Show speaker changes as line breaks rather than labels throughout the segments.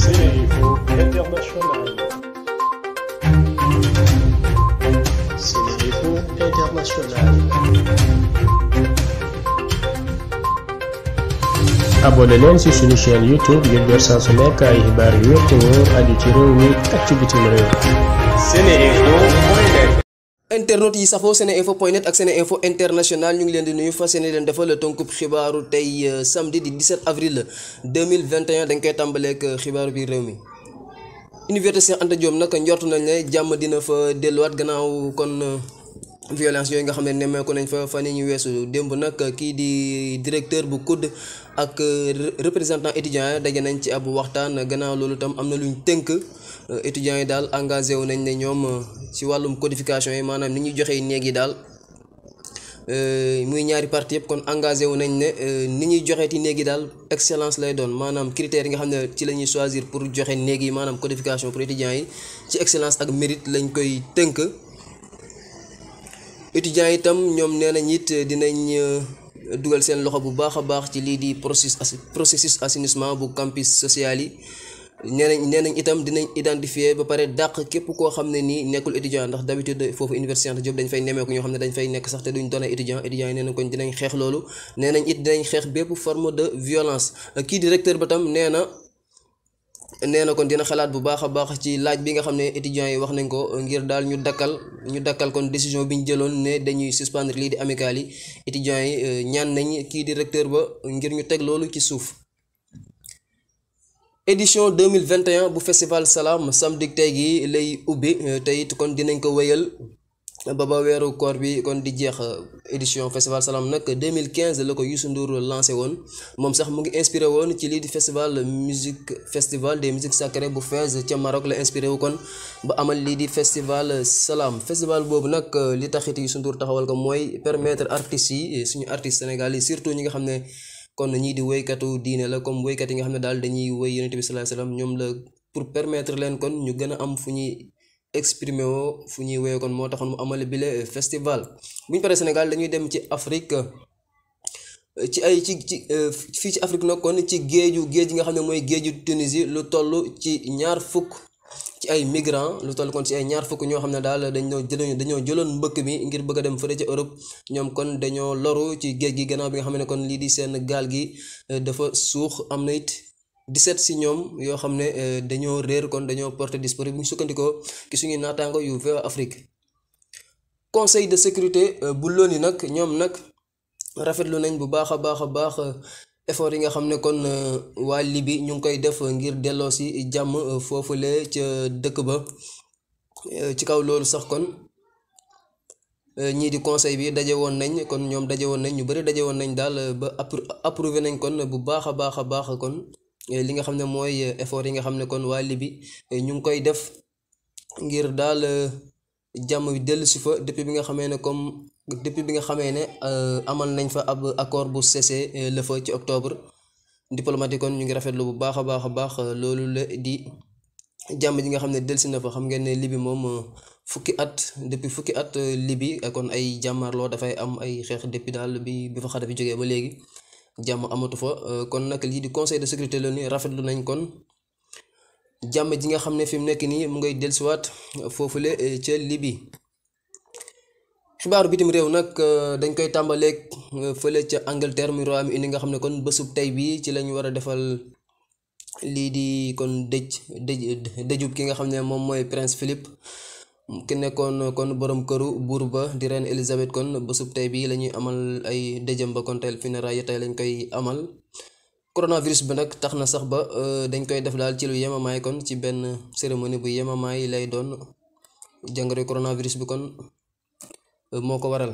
CFO International. CFO International. abonné leen ci suñu chaîne YouTube ngir jot saa su nekk ay xibaar yu wér te wóor mi ak ci bitim internet yi safoo seneinfo point net ak seneinfo international ñu ngi leen di fa fas yéene leen defal tënkub xibaaru tey euh, samedi di 17 avril 2021 dañ koy tàmbaleeg euh, xibaaru biir réew mi. Université Cheikh Anta Diop nag njort nañ ne jàmm dina fa delluwaat gannaaw kon euh, violence yooyu nga xam ne nemmeeku nañ fa fan yi ñu weesu démb nag kii di directeur bu COUD ak représentant étudiants yi daje nañ ci ab waxtaan gannaaw loolu tam am na luñ tënk étudiants yi daal engagé wu nañ ne ñoom. ci wàllum codification yi maanaam ni ñuy joxee néeg yi daal euh, muy ñaari parti yëpp kon engagé wu nañ ne euh, ni ñuy joxee ci néeg yi daal excellence lay doon maanaam critères yi nga xam ne ci la ñuy choisir pour joxe néeg yi maanaam codification pour étudiants yi ci excellence ak mérite lañ koy tënk étudiants itam ñoom nee nañ it dinañ euh, dugal seen loxo bu baax a baax ci lii di processus processus assainissement bu campus social yi nee nañ itam dinañ identifier ba dàq képp koo xam ne nii nekkul étudiant ndax d'habitude foofu université Anta Diop dañ fay nemmeeku ñoo xam ne dañ fay nekk sax te duñ doon ay étudiant étudiants yi nee nañ kon it dinañ xeex bépp forme de violence kii directeur ba tam nee na nee na kon dina xalaat bu baax a baax ci laaj bi nga xam ne étudiants yi wax nañ ko ngir daal ñu dakkal ñu dakkal kon décision bi ñu jëloon ne dañuy suspendre lii di amicale yi étudiants yi euh, ñaan nañ kii directeur ba ngir ñu teg loolu ci suuf édition 2021 bu festival salaam samedi tey gi lay ubbi euh, tey it kon dinañ ko wéyal ba ba weeru koor bi kon di jeex euh, édition festival salaam nag 2015 la ko Youssou nduur lancé woon moom sax mu ngi inspiré woon ci lii di festival musique festival de musiques sacrées bu Fès ca Maroc la inspiré wu kon ba amal lii di festival salaam festival boobu nag euh, li taxit Youssou nduur taxawal ko mooy permettre artistes yi suñu sénégal sénégalais surtout ñi nga xam ne. kon ñii di woykatu diine la comme woykat yi nga xam ne daal dañuy woy yonent bi sallallahu alayhi wasallam ñoom la pour permettre leen kon ñu gën a am fu ñuy exprimé woo fu ñuy woyee kon moo taxoon mu amale bile festival bu ñu paree Sénégal dañuy dem ci Afrique ci ay ci ci fii ci Afrique nag kon ci géeju géej gi nga xam ne mooy géeju Tunisie lu toll ci ñaar fukk ci ay migrants lu toll kon ci ay ñaar fukk ñoo xam ne daal dañoo jëloon dañoo jëloon mbëkk mi ngir bëgg a dem fële ca Europe ñoom kon dañoo loru ci géej gi gannaaw bi nga xam ne kon lii di seen gaal gi eh, dafa suux am na it seet si ñoom yoo xam ne eh, dañoo réer kon dañoo porté disparu bu ñu sukkandikoo ki suñuy naataango yu VOA Afrique conseil de sécurité eh, bu loon yi nag ñoom nag rafetlu nañ bu baax a baax a baax effort yi nga xam ne kon euh, waa Libi ñu ngi koy def ngir delloo si jàmm euh, foofule ca dëkk ba euh, ci kaw loolu sax kon ñii di conseil bi daje woon nañ kon ñoom daje woon nañ ñu bëri daje woon nañ daal ba approuvé nañ kon bu baax a baax a baax kon li nga xam ne mooy effort yi nga xam ne kon waa Libi ñu ngi koy def ngir daal jàmm bi si fa depuis bi nga xamee ne comme. depuis bi nga xamee ne euh, amal nañ fa ab accord bu cessez euh, le fa ci octobre diplomatique kon ñu ngi rafetlu bu baax a baax a baax euh, loolu la di jàmm ji nga xam ne delsi na fa xam ngeen ne Libi moom fukki at depuis fukki at Libi kon ay jàmmarloo dafay am ay xeex depuis daal bi bi fa Xadafi jógee ba léegi jàmm amatu fa kon nag lii di conseil de sécurité la ni rafetlu nañ kon jàmm ji nga xam ne fi mu nekk nii mu ngay foofu le ca Libi. xibaaru bitim réew nag euh, dañ koy tàmbaleeg euh, fële ca Angleterre muy Royaume-Uni nga xam ne kon bésub tey bii ci lañu war a defal lii di kon dëj dëj ki nga xam ne moom mooy Prince Philip ki nekkoon kon boroom këru buur ba di reine Elizabeth kon bésub tey bii la ñuy amal ay dëjëm ba kon tey funérailles tey lañ koy amal coronavirus bi nag tax na sax ba euh, dañ koy def daal ci lu yemamaay kon ci benn cérémonie bu yemamaay lay doon jàngoro coronavirus bi kon Euh, moo ko waral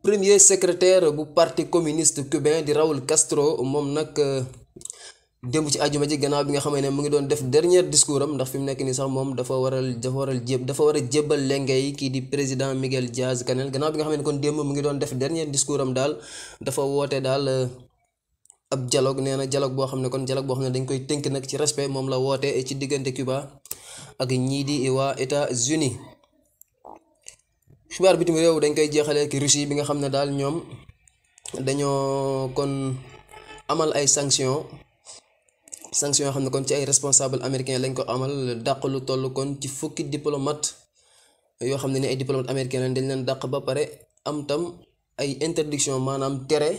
premier secretaire bu parti communiste cubain di rawul Castro moom nag euh, démb ci àjjuma ji gannaaw bi nga xam ne mu ngi doon def dernier discours am ndax fi mu nekk nii sax moom dafa waral dafa waral jéb dafa war a jébbal lenge kii di président Miguel Diaz Canel gannaaw bi nga xam ne kon démb mu ngi doon def dernier discours am daal dafa woote daal. Euh, ab jaloog nee na dialogue boo xam ne kon dialogue boo xam ne dañ koy tënk nag ci respect moom la woote ci diggante Cuba ak ñii di waa États-Unis xibaar bitim réew dañ koy jeexalee ki Russie bi nga xam ne daal ñoom dañoo kon amal ay sanction sanction yoo xam ne kon ci ay responsable américain lañ ko amal dàq lu toll kon ci fukki diplomate yoo xam ne ni ay diplomate américain lañ dañ leen dàq ba pare am tam ay interdiction maanaam tere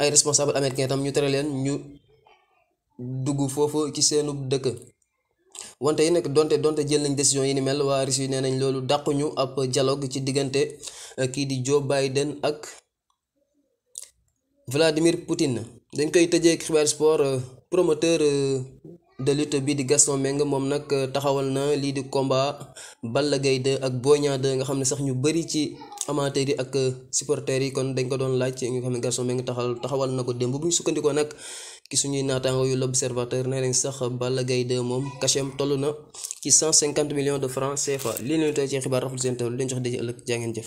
ay responsable américain tam ñu tere leen ñu dugg foofu ci seenu dëkk wante yi nag donte donte jël nañ décision yi ni mel waa Russie nee nañ loolu dàquñu ab dialogue ci diggante eh, kii di Joe Biden ak Vladimir Poutine dañ koy tëjee xibaar sport eh, promoteur eh, de lutte bi di Gaston Mbengue moom nag taxawal na lii di combat Balla Gaye 2 ak Boy Niang 2 nga xam ne sax ñu bari ci amateur yi ak euh, supporters yi kon dañ ko doon laaj ci nga xam ne Gaston Mbengue taxal taxawal na ko démb bu ñu sukkandikoo nag ki suñuy naataango yu l'observateur nee nañ sax Balla Gaye 2 moom cachet toll na ci 150 millions de francs CFA lii la ñu tey ci xibaar rafetlu seen teewlu leen jox daje ëllëg jaa jëf.